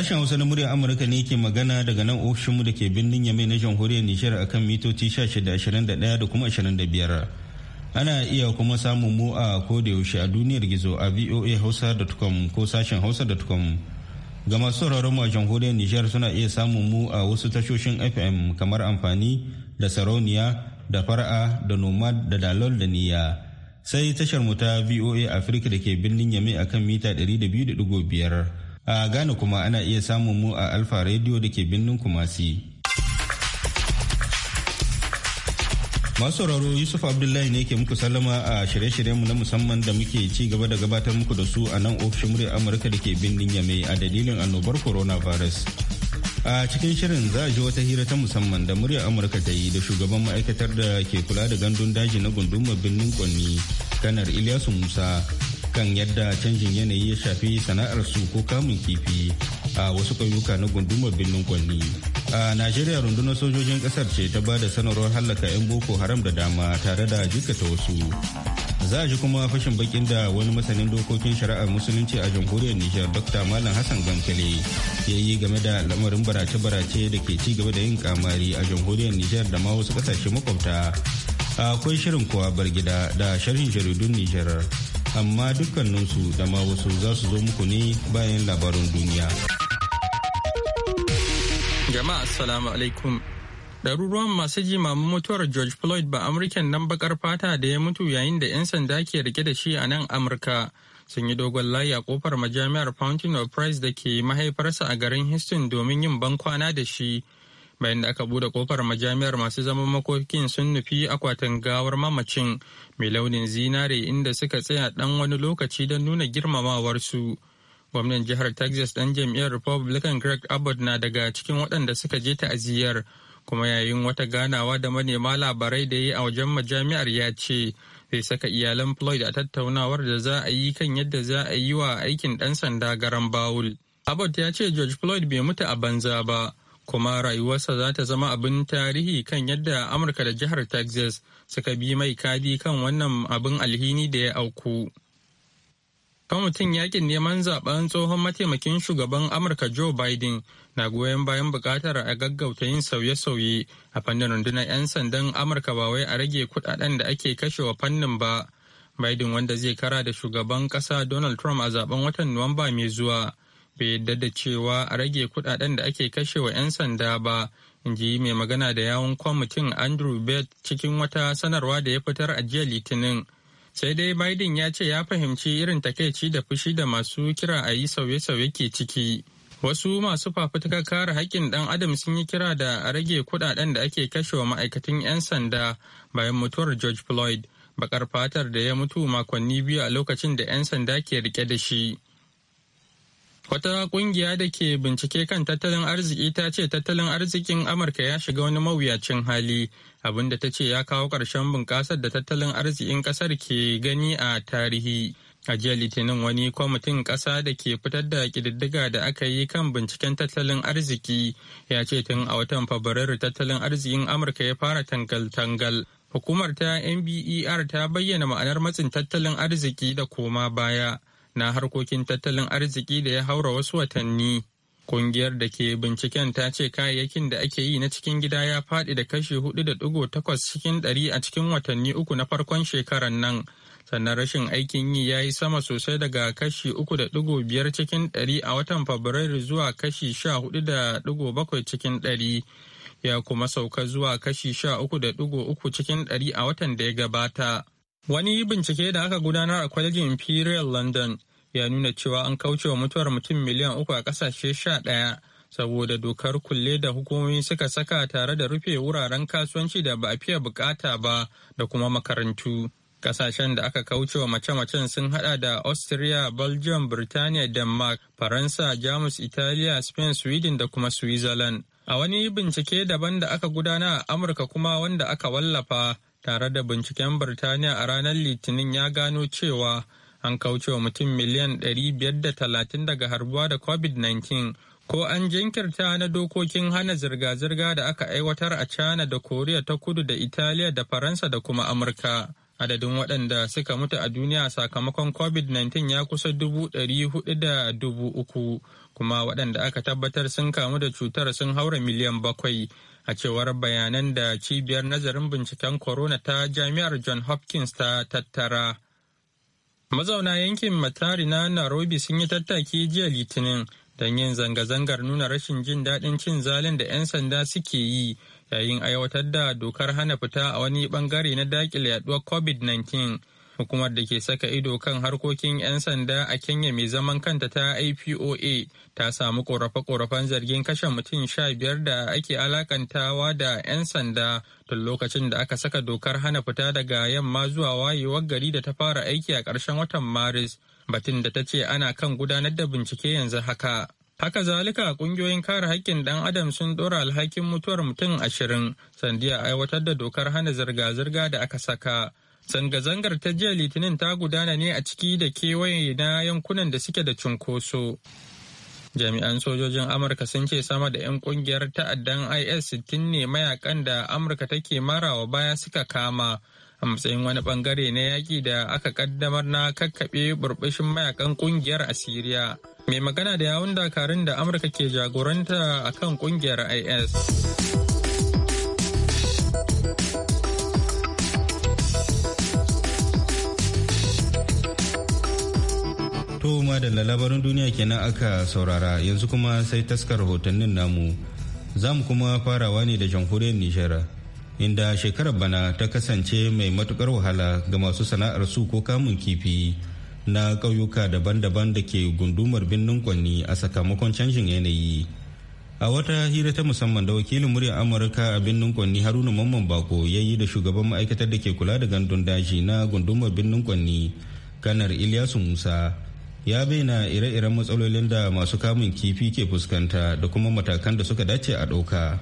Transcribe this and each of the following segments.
Sashen Hausa na muryar Amurka ne ke magana daga nan ofishinmu da ke birnin Yamai na jamhuriyar Nijar akan mitoci 1621 da kuma 25. Ana iya kuma samun mu a kodayaushe a duniyar gizo a voa hausa.com ko sashen hausa hausa.com. Ga masu sauraron mu a jamhuriyar Nijar suna iya samun mu a wasu tashoshin FM kamar amfani da sarauniya da fara'a da nomad da dalol da niyya. Sai tashar mu ta VOA afirka da ke birnin Yamai akan mita 200.5. A Ghana kuma ana iya samun mu a Alfa Radio da ke birnin Kumasi. Masu sauraro Yusuf Abdullahi ne ke muku sallama a shirye-shiryenmu na musamman da muke ci gaba da gabatar muku da su a nan ofishin murya Amurka da ke birnin Yamai a dalilin annobar coronavirus. a cikin shirin za a ji wata hira ta musamman da murya amurka ta yi da shugaban ma'aikatar da ke kula da gandun daji na gundumar birnin kwanni kanar ilyasu musa kan yadda canjin yanayi ya shafi sana'ar su ko kamun kifi a wasu ƙauyuka na gundumar birnin kwalli a najeriya rundunar sojojin ƙasar ce ta bada sanarwar hallaka 'yan boko haram da dama tare da jikata wasu za a ji kuma fashin bakin da wani masanin dokokin shari'ar musulunci a jamhuriyar nijar dr malam hassan gankale ya yi game da lamarin barace-barace da ke ci gaba da yin kamari a jamhuriyar nijar da ma wasu kasashe makwabta akwai shirin kuwa bar gida da sharhin jaridun nijar amma dukkaninsu da ma wasu za su zo muku ne bayan labarin duniya. Jama'a Assalamu alaikum. Ɗaruruwan masu jimamin mutuwar George Floyd ba Amurken nan bakar fata da ya mutu yayin da 'yan sanda ke rike da shi a nan Amurka. Sun yi dogon layi a kofar majami'ar Fountain of Price da ke mahaifarsa a garin Houston domin yin ban kwana da shi. bayan da aka bude kofar majami'ar masu zaman makokin sun nufi akwatin gawar mamacin mai launin zinare inda suka tsaya dan wani lokaci don nuna girmamawar su gwamnan jihar texas dan jam'iyyar republican greg abbott na daga cikin waɗanda suka je ta'aziyar kuma yayin wata ganawa da manema labarai da yi a wajen majami'ar ya ce zai saka iyalan floyd a tattaunawar da za a yi kan yadda za a yi wa aikin ɗan sanda garan bawul abbott ya ce george floyd bai mutu a banza ba kuma rayuwarsa za ta zama abin tarihi kan yadda amurka da jihar texas suka bi mai kadi kan wannan abin alhini da ya auku kwamitin yakin neman zaben tsohon mataimakin shugaban amurka joe biden na goyon bayan bukatar a gaggauta yin sauye-sauye a fannin rundunar 'yan sandan amurka ba wai a rage kudaden da ake kashewa fannin ba biden wanda zai kara da shugaban kasa donald trump a zaben watan nuwamba mai zuwa bai yadda da cewa a rage kudaden da ake kashewa 'yan sanda ba in ji mai magana da yawon kwamitin andrew bett cikin wata sanarwa da ya fitar a jiya litinin sai dai biden ya ce ya fahimci irin takaici da fushi da masu kira a yi sauye-sauye ke ciki wasu masu fafutukar kare haƙƙin ɗan adam sun yi kira da a rage kudaden da ake kashewa ma'aikatan 'yan sanda bayan mutuwar george floyd bakar fatar da ya mutu makonni biyu a lokacin da 'yan sanda ke rike da shi Wata kungiya da ke bincike kan tattalin arziki ta ce tattalin arzikin Amurka ya shiga wani mawuyacin hali abinda ta ce ya kawo ƙarshen bunƙasar da tattalin arzikin ƙasar ke gani a tarihi. A jiya Litinin wani kwamitin ƙasa da ke fitar da ƙididdiga da aka yi kan binciken tattalin arziki ya ce tun a watan Fabrairu tattalin arzikin Amurka ya fara tangal-tangal. Hukumar ta NBER ta bayyana ma'anar matsin tattalin arziki da koma baya. na harkokin tattalin arziki da ya haura wasu watanni. Kungiyar da ke binciken ta ce kayayyakin da ake yi na cikin gida ya faɗi da kashi 4.8 cikin 100 a cikin watanni uku na farkon shekarar nan. Sannan rashin aikin yi ya yi sama sosai daga kashi 3.5 cikin 100 a watan Fabrairu zuwa kashi 14.7 cikin 100. Ya kuma sauka zuwa kashi 13.3 cikin 100 a watan da ya gabata. Wani bincike da aka gudanar a kwalejin Imperial London ya nuna cewa an kaucewa mutuwar mutum miliyan uku a ƙasashe sha ɗaya saboda dokar kulle da hukumomi suka saka tare da rufe wuraren kasuwanci da ba a fiye bukata ba da kuma makarantu. Kasashen da aka kaucewa mace-macen sun haɗa da Austria, Belgium, Birtaniya, Denmark, Faransa, Jamus, Italiya, Spain, Sweden da kuma Switzerland. A wani bincike daban da aka gudana a Amurka kuma wanda aka wallafa, tare da binciken Birtaniya a ranar Litinin ya gano cewa an kaucewa mutum miliyan 530 daga harbuwa da COVID-19 ko an jinkirta na dokokin hana zirga-zirga da aka aiwatar a China da Koriya ta kudu da Italiya da Faransa da kuma Amurka. Adadin waɗanda suka mutu a duniya sakamakon COVID-19 ya kusa dubu ɗari hudu da dubu uku, kuma waɗanda aka tabbatar sun kamu da cutar sun haura miliyan bakwai a cewar bayanan da cibiyar nazarin binciken corona ta jami'ar john hopkins ta tattara mazauna yankin matari na nairobi sun yi tattaki jiya litinin don yin zanga-zangar nuna rashin jin daɗin cin zalin da 'yan sanda suke yi yayin aiwatar da dokar hana fita a wani bangare na daƙile yaduwar covid-19 hukumar da ke saka ido kan harkokin 'yan sanda a kenya mai zaman kanta ta ipoa ta samu korafe-korafen zargin kashe mutum sha biyar da ake alakantawa da 'yan sanda tun lokacin da aka saka dokar hana fita daga yamma zuwa wayewar gari da ta fara aiki a ƙarshen watan maris batun da ta ce ana kan gudanar da bincike yanzu haka Haka zalika kungiyoyin kare haƙƙin ɗan adam sun ɗora alhakin mutuwar mutum ashirin sandiya aiwatar da dokar hana zirga-zirga da aka saka Zanga-zangar ta jiya Litinin ta gudana ne a ciki da kewaye na yankunan da suke da cunkoso. Jami'an sojojin Amurka sun ce sama da 'yan kungiyar ta'addan IS 60 ne mayakan da Amurka take mara wa baya suka kama a matsayin wani bangare na yaƙi da aka kaddamar na kakkaɓe burbushin mayakan kungiyar a Siriya. Mai magana da yawun dakarun da Amurka ke jagoranta akan kungiyar IS. To da labaran duniya kenan aka saurara yanzu kuma sai taskar rahotannin namu za mu kuma farawa ne da jamhuriyar Nijar inda shekarar bana ta kasance mai matukar wahala ga masu sana'ar su ko kamun kifi na ƙauyuka daban-daban da ke gundumar birnin kwanni a sakamakon canjin yanayi. a wata hira ta musamman da wakilin muryar amurka a birnin kwanni haruna mamman bako ya yi da shugaban ma'aikatar da ke kula da gandun daji na gundumar birnin kwanni kanar iliyasu musa ya bayyana ire-iren matsalolin da masu kamun kifi ke fuskanta da kuma matakan da suka dace a ɗauka.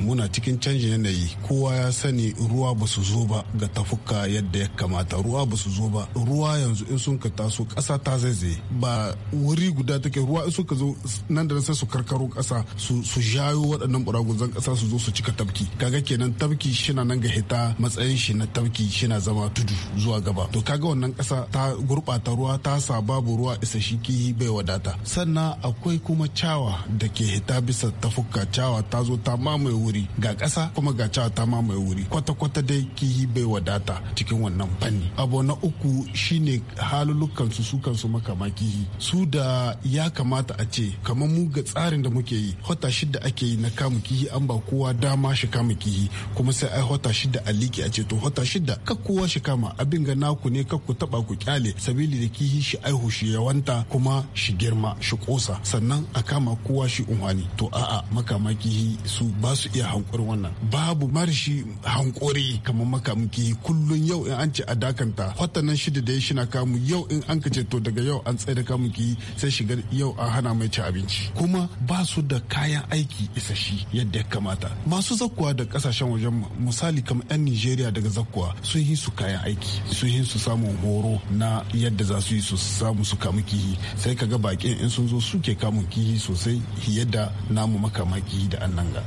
muna cikin canjin yanayi kowa ya sani ruwa ba su zo ba ga tafuka yadda ya kamata ruwa ba su zo ba ruwa yanzu in sun ka taso kasa ta zaizaye ba wuri guda take ruwa in ka zo nan da sai su karkaro kasa su jayo waɗannan zan kasa su zo su cika tafki kaga kenan tafki shina nan ga hita matsayin shi na tafki shina zama tudu zuwa gaba to kaga wannan kasa ta gurɓata ruwa ta sa babu ruwa isa shi kihi bai wadata sannan akwai kuma cawa da ke hita bisa tafuka cawa ta zo ta mamaye wuri ga ƙasa kuma ga cewa ta mamaye wuri kwata-kwata dai kihi bai wadata cikin wannan fanni abu na uku shine halulukan su su kansu makama kihi su da ya kamata a ce kamar mu ga tsarin da muke yi hota shida ake yi na kamu kihi an ba kowa dama shi kama kihi kuma sai ai hota shida a liki a ce to hota shida ka kowa shi kama abin ga naku ne ka ku taba ku kyale sabili da kihi shi aihu shi yawanta kuma shi girma shi kosa sannan a kama kowa shi unhani to a'a makama kihi su ba su iya iya hankurin wannan babu marishi hankuri kamar makamaki kullun yau in an ce a dakanta kwatanan shida da ya shina kamu yau in an kace to daga yau an tsaye da kamuki sai shiga yau an hana mai ci abinci kuma ba su da kayan aiki isashi yadda ya kamata masu zakkuwa da kasashen wajen misali kamar yan nigeria daga zakkuwa sun yi su kayan aiki sun yi su samun horo na yadda za su yi su samu su kamu kihi sai kaga bakin in sun zo suke kamun kihi sosai yadda namu makama da annan ga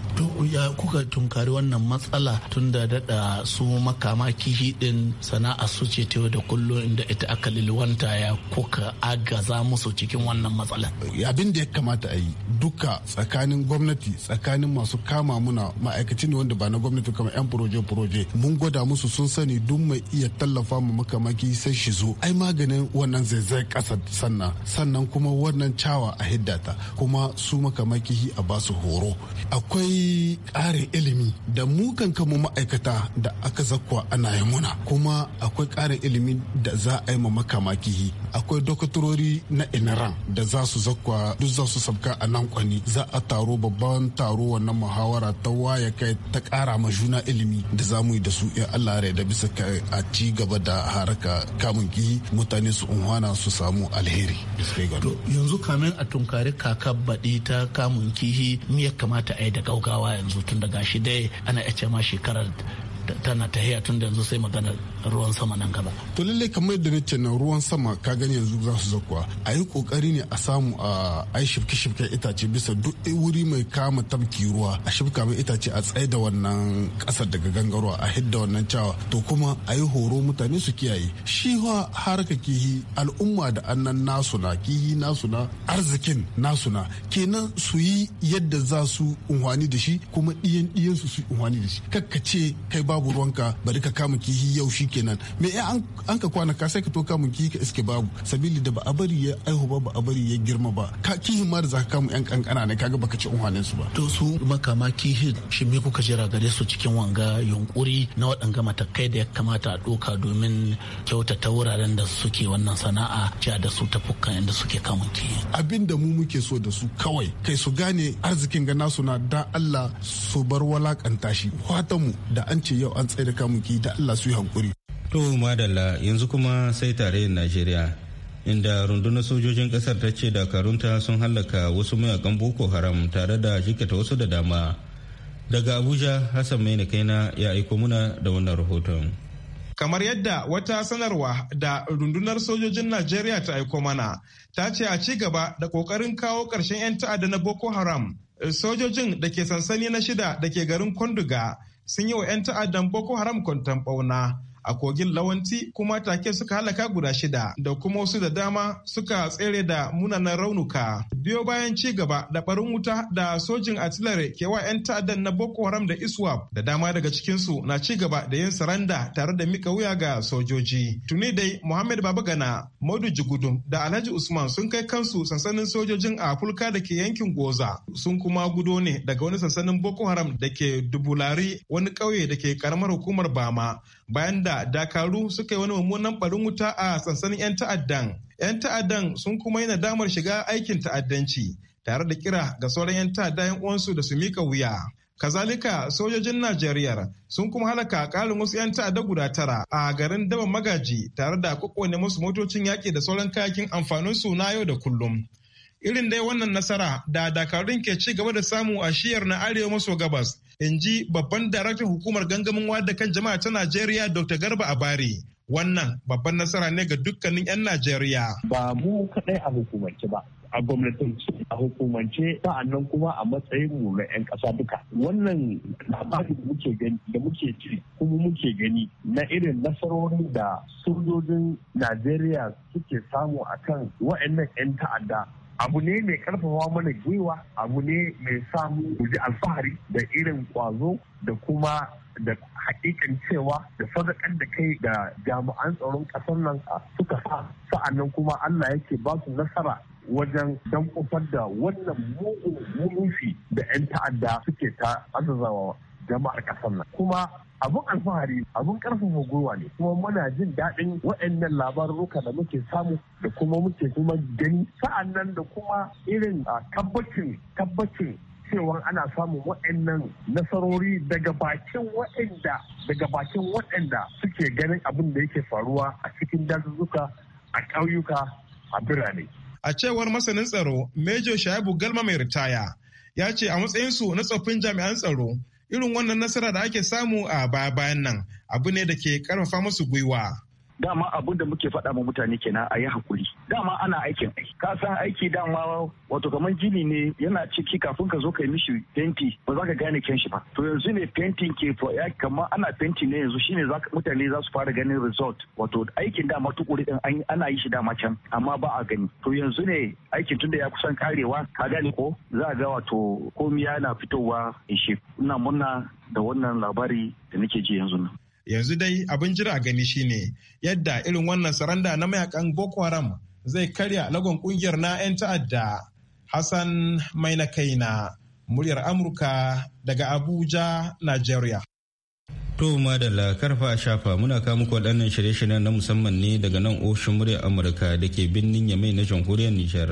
ya kuka tunkari wannan matsala tun da daɗa su makama kihi ɗin sana'a su ce ta da kullum inda ita aka lilwanta ya kuka agaza musu cikin wannan matsala. Abin da ya kamata a yi duka tsakanin gwamnati tsakanin masu kama muna ma'aikaci ne wanda ba na gwamnati kama 'yan proje-proje mun gwada musu sun sani duk mai iya tallafa mu makamaki sai shi zo ai maganin wannan zaizayar ƙasa sannan sannan kuma wannan cawa a hiddata kuma su makamaki a basu horo akwai ƙarin ilimi da mu kan kama ma'aikata da aka zakwa ana yi muna kuma akwai ƙarin ilimi da za a yi ma makamakihi akwai dokatorori na inaran da za su zakwa duk za su sabka a nan kwani za a taro babban taro wannan muhawara ta waya kai ta kara ma juna ilimi da za mu yi da su in Allah ya da bisa kai a ci gaba da haraka kamun ki mutane su unhwana su samu alheri. Yanzu kamin a tunkari kaka baɗi ta kamun kihi ya kamata a yi da gaugawa yanzu tun da gashi dai ana iya ma shekarar tana ta haya tun da yanzu sai magana ruwan sama nan gaba to lallai kamar yadda nace na ruwan sama ka gani yanzu za su zakuwa a yi kokari ne a samu a ai shifke shifke itace bisa duk wuri mai kama tabki ruwa a shifka mai itace a tsaye da wannan kasar daga gangarwa a hidda wannan cawa to kuma a yi horo mutane su kiyaye shi harka kihi al'umma da annan nasu na kihi nasu na arzikin nasu na kenan su yi yadda za su unhwani da shi kuma ɗiyan ɗiyan su su unhwani da shi kakkace kai ba babu ruwanka bari ka kama kihi yau shi kenan me ya an ka kwana ka sai ka to kama kihi ka iske babu sabili da ba a bari ya aihu ba ba a bari ya girma ba ka kihin ma da za ka kama yan kankana ne kaga baka ci unhwanin su ba to su makama kihin shi me kuka jira gare su cikin wanga yunkuri na waɗanga matakai da ya kamata a doka domin kyauta ta wuraren da suke wannan sana'a ja da su ta tafukan inda suke kamun kihi abin da mu muke so da su kawai kai su gane arzikin ga nasu na da Allah su bar walakanta shi fatanmu da an ce yau an tsaye da kamuki da Allah su yi hankuri. To madalla yanzu kuma sai tarayyar Najeriya inda rundunar sojojin kasar ta ce dakarunta sun hallaka wasu mayakan Boko Haram tare da jikata wasu da dama. Daga Abuja Hassan Maina kaina ya aiko muna da wannan rahoton. Kamar yadda wata sanarwa da rundunar sojojin Najeriya ta aiko mana, ta ce a ci gaba da ƙoƙarin kawo ƙarshen 'yan ta'adda na Boko Haram sojojin da ke sansani na shida da ke garin Kwanduga sun yi wa 'yan ta'addan Boko Haram kwanton bauna a kogin lawanti kuma take suka halaka guda shida da kuma wasu da dama suka tsere da munanan raunuka biyo bayan ci gaba da barin wuta da sojin artillery kewa 'yan ta'addan na boko haram da iswap da dama daga cikinsu na ci gaba da yin saranda tare da mika wuya ga sojoji tuni dai muhammad babagana Modu jigudum da alhaji usman sun kai kansu sansanin sojojin a fulka da ke yankin goza sun kuma gudo ne daga wani sansanin boko haram da ke dubulari wani ƙauye da ke karamar hukumar bama bayan da dakaru suka yi wani mummunan barin wuta a sansanin 'yan ta'addan 'yan ta'addan sun kuma yi nadamar shiga aikin ta'addanci tare da kira ga sauran 'yan ta'adda 'yan uwansu da su mika wuya kazalika sojojin najeriya sun kuma halaka ƙarin wasu 'yan ta'adda guda tara a garin daban magaji tare da kokone musu motocin yaƙi da sauran kayakin su na yau da kullum irin dai wannan nasara da dakarun ke ci gaba da samu a shiyar na arewa maso gabas in ji babban daraktan hukumar gangamin wada kan jama'a ta najeriya dr garba abari wannan babban nasara ne ga dukkanin 'yan najeriya ba mu kaɗai a hukumance ba a gwamnatance a hukumance sa'annan kuma a matsayin mu na 'yan ƙasa duka wannan labarin muke gani da muke ci kuma muke gani na irin nasarorin da sojojin najeriya suke samu akan wa'annan 'yan ta'adda abu ne mai karfafa mana gwiwa abu ne mai samu guji alfahari da irin kwazo da kuma da hakikan cewa da sadakar da kai da jami'an tsaron kasar nan suka sa sa'annan kuma Allah yake ba su nasara wajen dan da wannan mugun murufi da 'yan ta'adda suke ta azazawa jama'ar kasar nan kuma abun alfahari abun karfafa gwiwa ne kuma muna jin daɗin waɗannan labaruka da muke samu da kuma muke kuma gani Sa'an nan da kuma irin ah, tabbacin tabbacin cewa ana samun waɗannan nasarori daga bakin waɗanda daga bakin waɗanda suke ganin abin da yake faruwa a cikin dazuzzuka a ƙauyuka a birane. A cewar masanin tsaro, Major Shaibu Galma mai ritaya, ya ce a matsayinsu na tsoffin jami'an tsaro irin wannan nasara da ake samu a baya bayan nan abu ne da ke karfafa musu gwiwa dama abun da muke faɗa ma mutane kenan a yi hakuri dama ana aikin ka san aiki dama wato kamar jini ne yana ciki kafin ka zo ka yi mishi fenti ba za ka gane kyan shi ba to yanzu ne fentin ke ya kamar ana fenti ne yanzu shine za mutane za su fara ganin result wato aikin dama tukuri din ana yi shi dama can amma ba a gani to yanzu ne aikin tunda ya kusan karewa ka gane ko za ga wato komi yana fitowa in shi ina murna da wannan labari da nake ji yanzu nan yanzu dai abin jira gani shine yadda irin wannan saranda na mayakan boko haram zai karya lagon kungiyar na 'yan ta'adda hassan mai na kaina muryar amurka daga abuja nigeria To madalla karfa a shafa muna kamu waɗannan shirye-shiryen na musamman ne daga nan oshin muryar Amurka da ke birnin Yamai na jamhuriyar Nijar.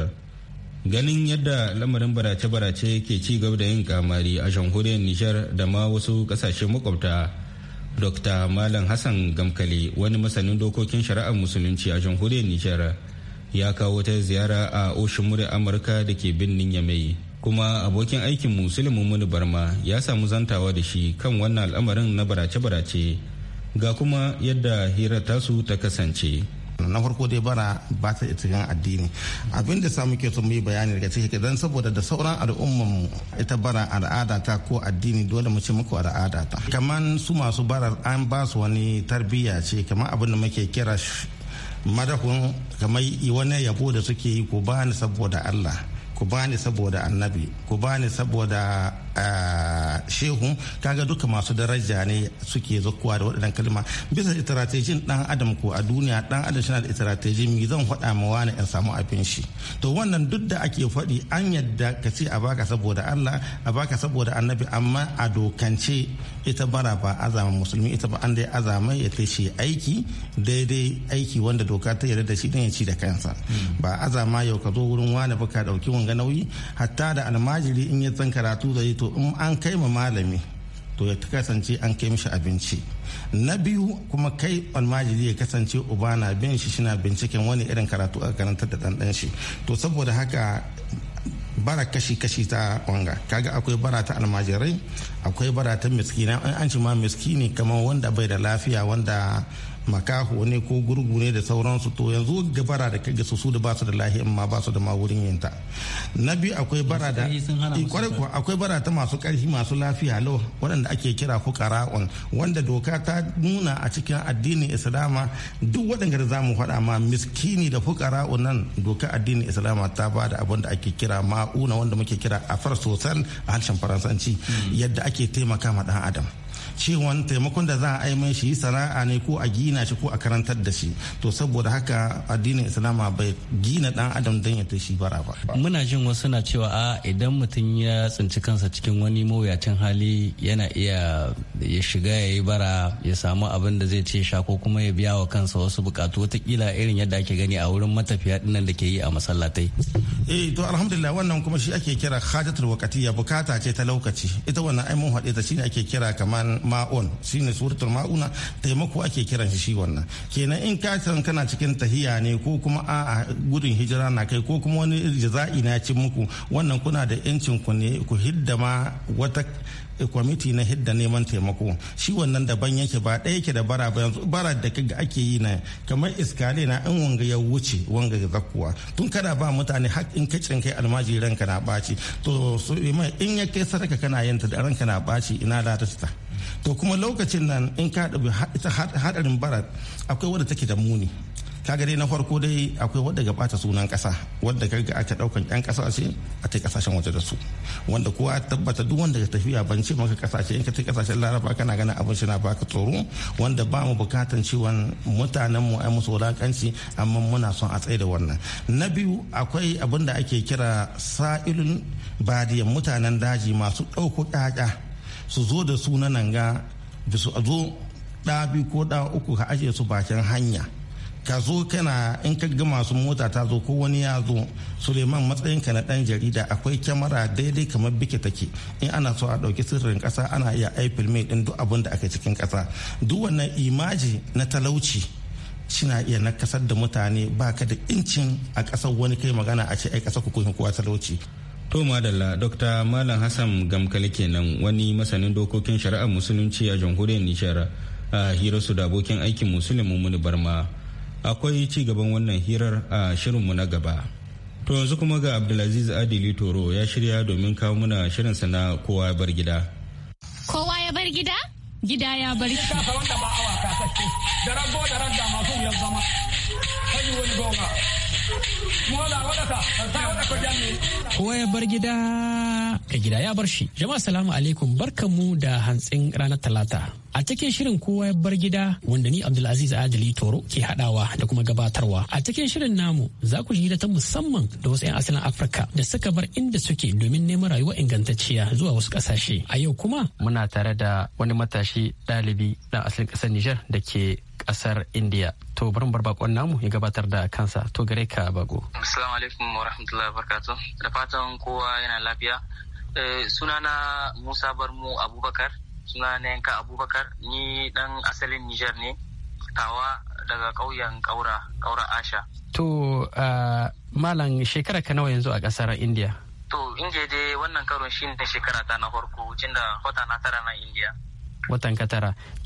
Ganin yadda lamarin barace-barace ke ci gaba da yin kamari a jamhuriyar Nijar da ma wasu ƙasashe makwabta. Dr. Malam Hassan Gamkali, wani masanin dokokin shari'ar musulunci a jamhuriyar Nijar ya kawo wata ziyara a oshin murya amurka da ke birnin yamai kuma abokin aikin musulmin muni barma ya samu zantawa da shi kan wannan al'amarin na barace-barace ga kuma yadda hirar tasu ta kasance na farko dai bara ba ta cikin addini abin da samu ke so mu yi bayani daga ciki dan saboda da sauran al'umman mu ita bara al'ada ta ko addini dole mu ce muku al'ada ta kaman su masu bara an ba su wani tarbiyya ce kamar abin da muke kira madahun kamar wani yabo da suke yi ku bani saboda Allah ku bani saboda annabi ku bani saboda shehu kaga duka masu daraja ne suke zakuwa da waɗannan kalma bisa itiratejin dan adam ko a duniya dan adam shi da itiratejin mi zan faɗa ma wani in samu abin shi to wannan duk da ake faɗi an yadda ka ce a baka saboda Allah a baka saboda annabi amma a dokance ita bara ba azama musulmi ita ba an dai azama ya ta shi aiki daidai aiki wanda doka ta yarda da shi dan ya ci da kansa ba azama yau ka zo wurin wani baka ka dauki wanga nauyi hatta da almajiri in ya san karatu da to in an kai ma malami to ya kasance an kai mishi abinci na biyu kuma kai almajiri ya kasance uba na bin shi shina binciken wani irin karatu a karantar da ɗanɗan shi to saboda haka bara kashi-kashi ta wanga kaga akwai bara ta almajirai akwai bara ta miskina an ci ma miskini kamar wanda bai da lafiya wanda makaho ne ko gurgu ne da sauransu to yanzu ga bara da ga su da basu da lahiya ba basu da ma wurin yinta na biyu akwai bara da eh, akwai bara ta masu karfi masu lafiya lau waɗanda ake kira fukara'un wanda doka ta nuna a cikin addinin islama duk waɗanda da zamu faɗa ma miskini da fukara'un nan doka addinin islama ta ba da abin da ake kira ma'una wanda muke kira afar sosai a harshen faransanci hmm. yadda ake taimaka ma ɗan adam cewan taimakon da za a yi mai shi sana'a ne ko a gina shi ko a karantar da shi to saboda haka addinin islama bai gina dan adam don ya shi bara ba muna jin wasu na cewa a idan mutum ya tsinci kansa cikin wani mawuyacin hali yana iya ya shiga ya yi bara ya samu abin da zai ce sha ko kuma ya biya wa kansa wasu bukatu watakila irin yadda ake gani a wurin matafiya dinnan da ke yi a masallatai eh to alhamdulillah wannan kuma shi ake kira hajatul waqatiyya bukata ce ta lokaci ita wannan ai mun haɗe ta shine ake kira kaman ma'un shine suratul ma'una taimako ake kiran shi shi wannan kenan in ka san kana cikin tahiya ne ko kuma a gudun hijira na kai ko kuma wani jaza'i na cin muku wannan kuna da yancin ku ne ku hidda wata Eh, kwamiti na hidda neman taimako shi wannan daban yake ba ɗaya yake da bara ba yanzu bara da kaga ake yi na kamar iskale na an wanga ya wuce wanga ya zakkuwa tun kada ba mutane hak in kacin kai almajiran ka na ɓaci to eh, in ya kai sadaka kana yin ta da ranka na ɓaci ina da ta to kuma lokacin nan in ka ɗabi hadarin bara akwai wadda take da muni kaga dai na farko dai akwai wadda ga bata sunan kasa wadda kaga aka daukan yan ce a ta kasashen waje da su wanda kowa tabbata duk wanda ya tafiya ban ce maka kasashe in ka ta kasashen laraba kana ganin abin shi na baka tsoro wanda ba mu bukatan cewa mutanen mu ai musu wulakanci amma muna son a tsaye da wannan na biyu akwai abin da ake kira sa'ilun badiyan mutanen daji masu ɗauko ƙaƙa su zo da su na nan ga a zo ɗabi ko ɗa uku ka ajiye su bakin hanya ka zo kana in ka ga masu mota ta zo ko wani ya zo suleiman ka na dan jarida akwai kyamara daidai kamar bike take in ana so a ɗauki sirrin kasa ana iya aifil mai ɗin duk abin da aka cikin kasa duk wannan imaji na talauci suna iya nakasar da mutane ba ka da incin a ƙasar wani kai magana a ce ai kasar ku kuwa talauci To Madalla, Dr. Malam Hassan Gamkali kenan wani masanin dokokin shari'ar musulunci a jamhuriyar Nijar a su da abokin aikin musulmin muni barma. akwai ci gaban wannan hirar a shirinmu na gaba to yanzu kuma ga abdulaziz adili toro ya shirya domin kawo muna shirinsa na kowa ya bar gida kowa ya bar gida gida ya bar kowa ya bar gida gida ka gida ya bar shi jama'a salamu alaikum barkamu da hantsin ranar talata a cikin shirin kowa ya bar gida wanda ni abdulaziz adali toro ke hadawa da kuma gabatarwa a cikin shirin namu za ku ji ta musamman da wasu 'yan asalin afirka da suka bar inda suke domin neman rayuwa ingantacciya zuwa wasu kasashe a yau kuma muna tare da wani matashi ɗalibi ɗan asalin ƙasar nijar da ke kasar india to bari mu bar bakon namu ya gabatar da kansa to gare ka bago assalamu alaikum wa rahmatullahi wa barakatuh da fatan kowa yana lafiya eh, sunana musa barmu abubakar suna yanka abubakar ni dan asalin niger ne tawa daga kauyen Kaura kaura asha to malam shekara ka nawa yanzu a kasar india to inje dai wannan karon shine shekara ta na farko tunda hota na tara na india watan ka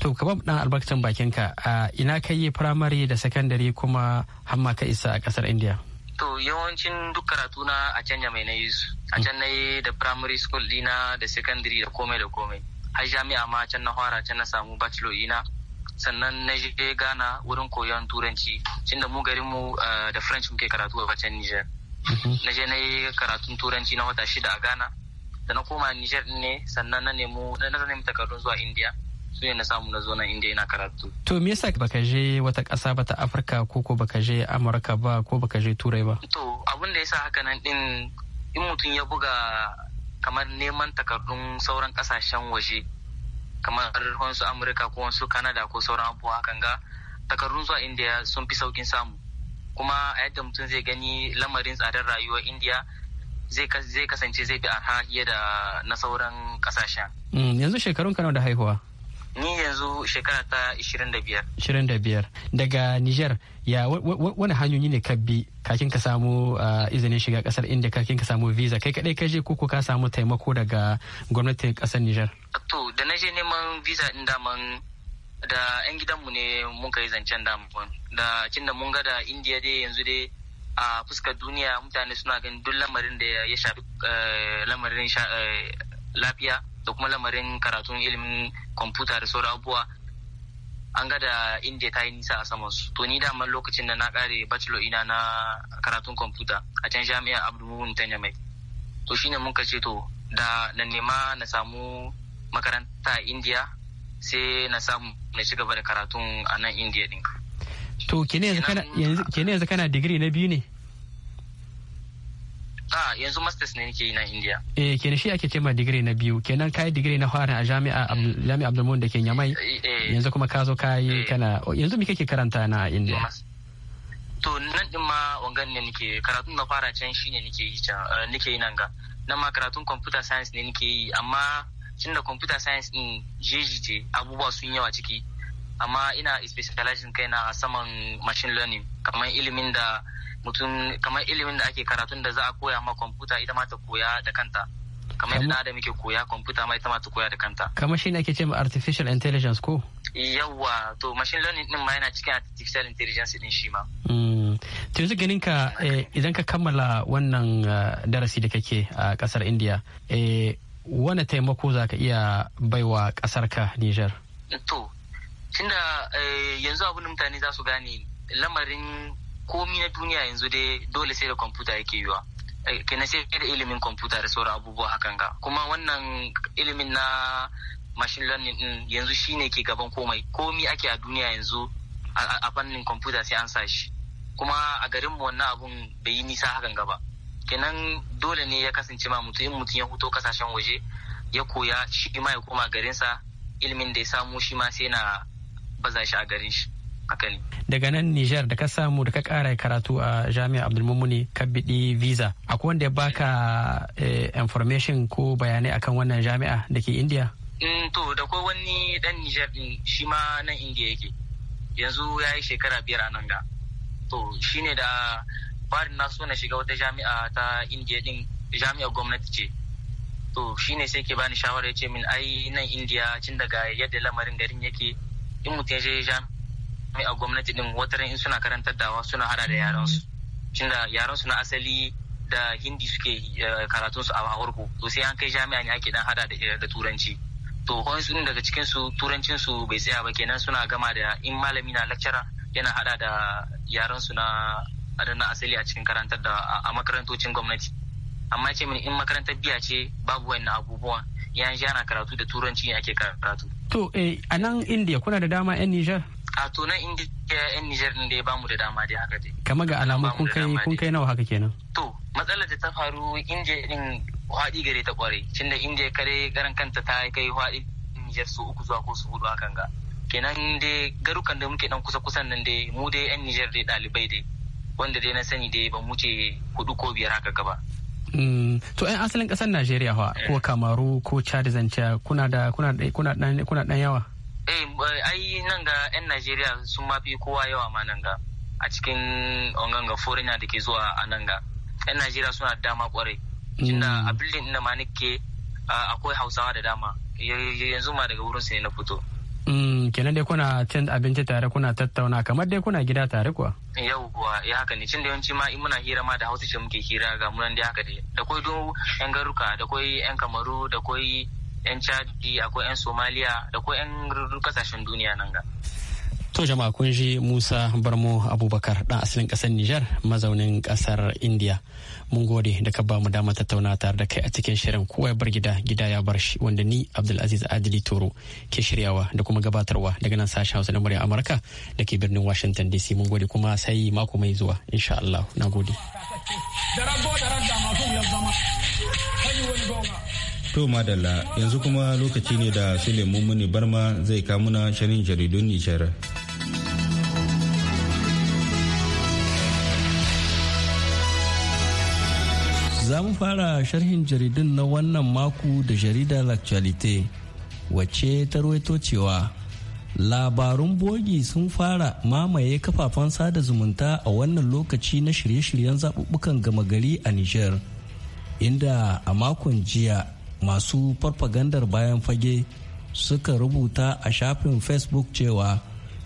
to ka bamu dan albarkacin bakin ka a ina ka yi firamare da sakandare kuma hamma ka isa a kasar india to yawancin duk karatu na a can mai na yi su a can na yi da firamare school dina da sakandare da komai da komai har jami'a ma can na fara can na samu bachelor ina sannan na je Ghana wurin koyon turanci cin da mu garin mu da French muke karatu a bacin Niger mhm. na je na yi karatun turanci na wata shida a Ghana da na koma Niger ne sannan na nemo na nemi takardun zuwa India su ne na samu na zo nan India ina karatu to me yasa baka je wata ƙasa ba ta Afirka ko ko baka je Amurka ba ko baka je Turai ba to abin da yasa haka nan din in mutum ya buga kamar neman takardun sauran kasashen waje kamar wasu Amurka ko wasu Canada ko sauran abubuwa hakan ga takardun zuwa India sun fi saukin samu kuma a yadda mutum zai gani lamarin tsadar rayuwar India zai kasance zai bi arha fiye da na sauran kasashen. Mm, yanzu shekarun kanau da haihuwa? Ni yanzu shekara ta 25. 25. Daga Niger, ya wani hanyoyi ne kabi kakin ka samu uh, izinin shiga kasar inda kakin ka samu visa kai kadai ka je ka samu taimako daga gwamnatin kasar Niger? To, da na je neman visa din daman da 'yan gidanmu ne mun kai zancen daman. Da cin da mun ga da India dai yanzu dai a fuskar duniya mutane suna ganin duk lamarin da ya shafi eh, lamarin eh, lafiya da kuma lamarin karatun ilimin kwamfuta da sauran abubuwa an ga da inda ta yi nisa a saman su to ni daman lokacin da na kare bachelor ina na karatun kwamfuta a can jami'a abdulmumin ta nyamai to shine mun ce to da na nema na samu makaranta a india sai na samu na ci gaba da karatun a nan india din to kene yanzu kana digiri na biyu ne a yanzu masters ne nake yi na india eh kenan shi ake ce ma digiri na biyu kenan kai digiri na fara a jami'a mm. jami'a abdulmumin da ke nyamai eh, eh. yanzu kuma ka zo ka yi eh. kana yanzu me karanta na india to nan din ma wangan ne nake karatun na fara can ne nake yi can nake yi nan ga nan ma karatun computer science ne nake yi amma tunda computer science din jeji ce abubuwa sun yawa ciki amma ina specializing kaina a saman machine learning kamar ilimin da mutum kamar ilimin da ake karatun da za a koya ma kwamfuta ita ma ta koya da kanta kamar yadda da muke koya kwamfuta ma ita ma ta koya da kanta kamar shi ne ake ce ma artificial intelligence ko Yawa to machine learning din ma yana cikin artificial intelligence din shi ma mm. to yanzu ganin ka eh, idan ka kammala wannan eh, darasi da kake a kasar india eh, wane taimako za ka iya baiwa kasar ka niger to tunda eh, yanzu abin da mutane za su gane lamarin komi na duniya yanzu dai dole sai da kwamfuta yake yiwa eh, kenan sai da ilimin kwamfuta da sauran abubuwa hakan ga kuma wannan ilimin na machine learning din yanzu shine ke gaban komai komi ake a duniya yanzu a fannin kwamfuta sai an sa shi kuma a garinmu wannan abun bai yi nisa hakan gaba kenan dole ne ya kasance ma mutum in mutum ya huto kasashen waje ya koya shi ma ya koma garinsa ilimin da ya samu shi ma sai na baza shi a garin shi haka ne daga nan Nijar da ka samu da ka kara karatu a jami'a Abdulmumuni ka biɗi visa akwai wanda ya baka eh, information ko bayanai akan wannan jami'a da ke India eh, to da ko wani dan Nijar din shi ma nan India yake yanzu ya yi shekara biyar a nan ga to shine da farin na so na shiga wata jami'a ta India din jami'ar gwamnati ce to shine sai ke bani shawarar ya ce min ai nan India cin daga yadda lamarin garin yake in mutum ya je A gwamnati din wataran in suna karantar dawa suna hada da yaran su tunda yaran su na asali da hindi suke eh, karatun su a farko to sai an kai jami'a ne ake dan hada da eh, turanci to su daga cikin su turancin su bai tsaya ba kenan suna gama da in malami na lecturer yana hada da yaran su na adana asali a cikin karantar da a makarantocin gwamnati amma ce mini in makarantar biya ce babu wannan abubuwan yan ji ana karatu da turanci ne ake karatu To eh, a nan India kuna da dama 'yan Nijar? A to nan India 'yan Nijar din da ya bamu da dama dai haka dai. Kama ga alamu kun kai kun kai nawa haka kenan? To matsalar da ta faru India din haɗi gare ta kwarai. Tunda India kare garan kanta ta kai haɗi Nijar su uku zuwa ko su hudu hakan ga. Kenan dai garukan da muke dan kusa kusan nan dai mu dai 'yan Nijar dai ɗalibai dai. Wanda dai na sani dai ban wuce hudu ko biyar haka gaba. Mm, to yan asalin ƙasar najeriya wa, ko eh. kamaru ko chad zance kuna da kuna dan yawa eh, eh ai nan ga yan najeriya sun ma fi kowa yawa ma nan ga a cikin onganga foreigner da ke zuwa a nan ga yan najeriya suna da dama kwarai tunda mm. a building ina ma nake akwai hausawa da dama yanzu ma daga wurin su ne na fito Mm, kenan dai kuna cin abinci tare kuna tattauna kamar dai kuna gida tare kuwa yauwa ya eh, haka ne cin da yawanci ma in muna hira ma da hausa ce muke hira ga munan dai haka dai da kwai don yan garuka da kwai yan kamaru da kwai yan chadi akwai yan somaliya da kwai yan kasashen duniya nan ga To jama'a kun ji Musa Barmo Abubakar dan asalin ƙasar Nijar mazaunin ƙasar indiya. mun gode da ka bamu dama tattauna tare da kai a cikin shirin kowa bar gida gida ya bar shi wanda ni abdulaziz adili toro ke shiryawa da kuma gabatarwa daga nan sashen hausa na murya amurka da ke birnin washington dc mun gode kuma sai mako mai zuwa insha allah na gode To madalla yanzu kuma lokaci ne da Suleiman Muni Barma zai kamuna shirin jaridun Nijar. Za mu fara sharhin jaridun na wannan mako da jaridar L'Actualité wacce ta ruwaito cewa labarun bogi sun fara mamaye kafafen sada zumunta a wannan lokaci na shirye-shiryen zaɓuɓɓukan gama gari a Nijar, inda a makon jiya masu farfagandar bayan fage suka rubuta a shafin Facebook cewa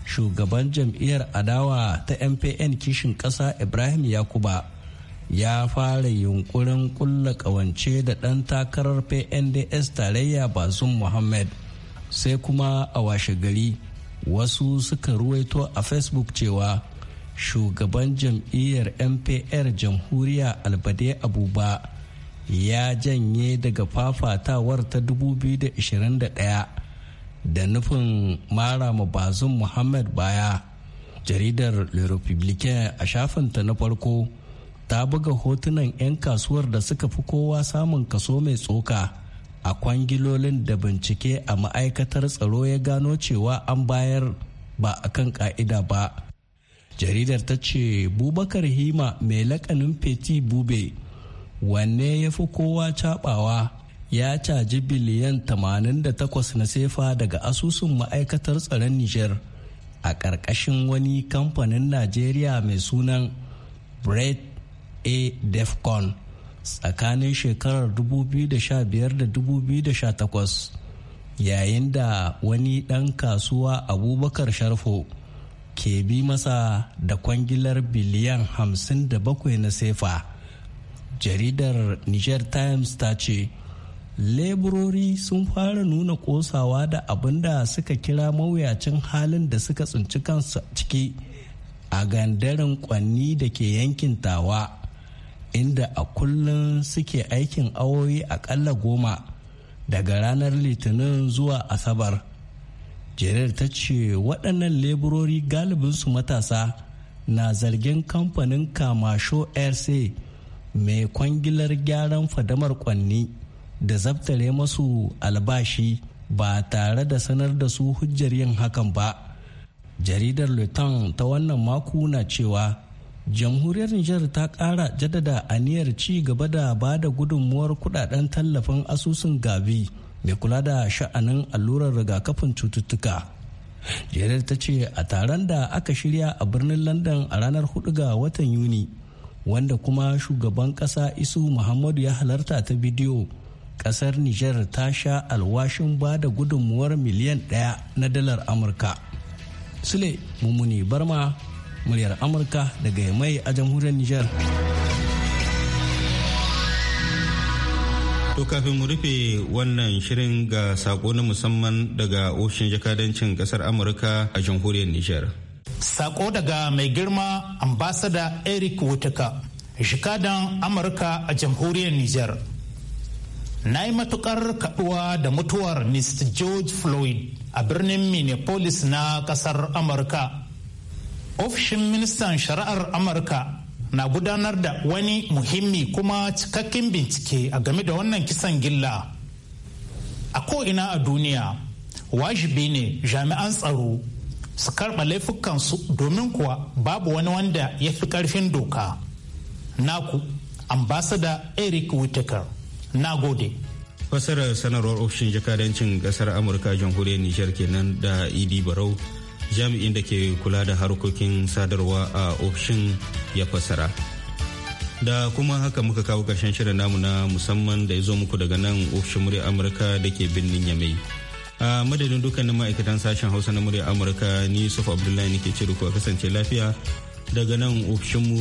shugaban jam'iyyar adawa ta MPN kishin ƙasa Ibrahim Yakuba. ya fara yunkurin kulla kawance da ɗan takarar pnds tarayya bazum muhammad sai kuma a washe gari wasu suka ruwaito a facebook cewa shugaban jam'iyyar mpr jamhuriya albade abuba ya janye daga fafatawar ta 2021 da nufin mara bazum muhammad baya jaridar le republican a shafinta na farko ta buga hotunan 'yan kasuwar da suka fi kowa samun kaso mai tsoka a kwangilolin da bincike a ma'aikatar tsaro ya gano cewa an bayar ba a kan ka'ida ba jaridar ta ce bubakar hima mai lakanin feti bube wanne ya fi kowa cabawa ya caji biliyan 88 na sefa daga asusun ma'aikatar tsaron niger a ƙarƙashin wani kamfanin najeriya mai sunan bread a defcon tsakanin shekarar 2015 da 2018 yayin da wani ɗan kasuwa abubakar sharfo ke bi masa da kwangilar biliyan 57 na sefa jaridar niger times ta ce leburori sun fara nuna kosawa da abin da suka kira mawuyacin halin da suka tsinci kansu ciki a gandarin kwanni da ke yankin tawa inda a kullum suke aikin awoyi akalla goma daga ranar litinin zuwa asabar jerar ta ce waɗannan leburori galibin su matasa na zargin kamfanin kamasho rc mai kwangilar gyaran fadamar kwanni da zabtare masu albashi ba tare da sanar da su hujjar yin hakan ba jaridar luton ta wannan maku na cewa jamhuriyar niger ta kara jaddada aniyar ci gaba da ba da gudunmuwar kudaden tallafin asusun gavi mai kula da sha'anin allurar rigakafin cututtuka jerar ta ce a taron da aka shirya a birnin london a ranar 4 ga watan yuni wanda kuma shugaban kasa isu muhammadu ya halarta ta bidiyo kasar Nijar ta sha alwashin bada da gudunmuwar miliyan ɗaya na dalar Amurka. Sule Mumuni Barma muryar amurka daga mai a jamhuriyar niger To kafin mu rufe wannan shirin ga sako na musamman daga ofishin jakadancin kasar Amurka a jamhuriyar Nijar. Sako daga mai girma ambasada Eric Wutaka, jikadan Amurka a jamhuriyar Nijar. Na yi matukar kaduwa da mutuwar Mr. George Floyd a birnin Minneapolis na kasar Amurka ofishin ministan shari'ar amurka na gudanar da wani muhimmi kuma cikakken bincike a game da wannan kisan gilla a ko ina a duniya wajibi ne jami'an tsaro su karɓa laifukansu domin kuwa babu wani wanda ya fi ƙarfin doka naku ambasada eric whitaker na gode fasarar sanarwar ofishin jakadancin ƙasar amurka jamhuriyar nijar kenan da idi barau jami'in da ke kula da harkokin sadarwa a ofishin ya fassara. da kuma haka muka kawo karshen shirin namu na musamman da ya zo muku daga nan ofishin murya amurka da ke birnin yamai a madadin dukkanin ma'aikatan sashen hausa na murya amurka ni yusuf abdullahi nake ce da kuwa kasance lafiya daga nan ofishinmu